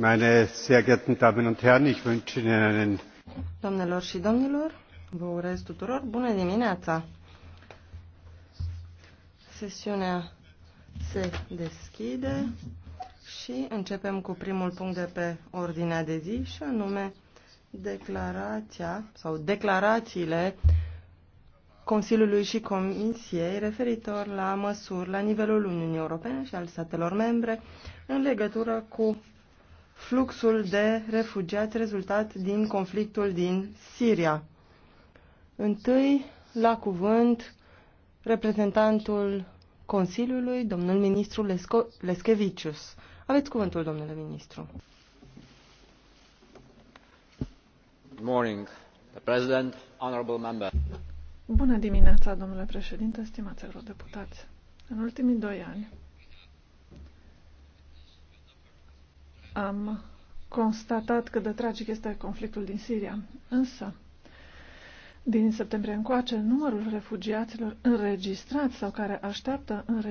Meine sehr geehrten Damen und Herren, ich wünsche Ihnen einen Doamnelor și domnilor, vă urez tuturor bună dimineața! Sesiunea se deschide și începem cu primul punct de pe ordinea de zi și anume declarația sau declarațiile Consiliului și Comisiei referitor la măsuri la nivelul Uniunii Europene și al statelor membre în legătură cu fluxul de refugiați rezultat din conflictul din Siria. Întâi, la cuvânt, reprezentantul Consiliului, domnul ministru Lesco Aveți cuvântul, domnule ministru. Good morning, the president, honorable member. Bună dimineața, domnule președinte, stimați eurodeputați. În ultimii doi ani, am constatat cât de tragic este conflictul din Siria. Însă, din septembrie încoace, numărul refugiaților înregistrați sau care așteaptă înregistrarea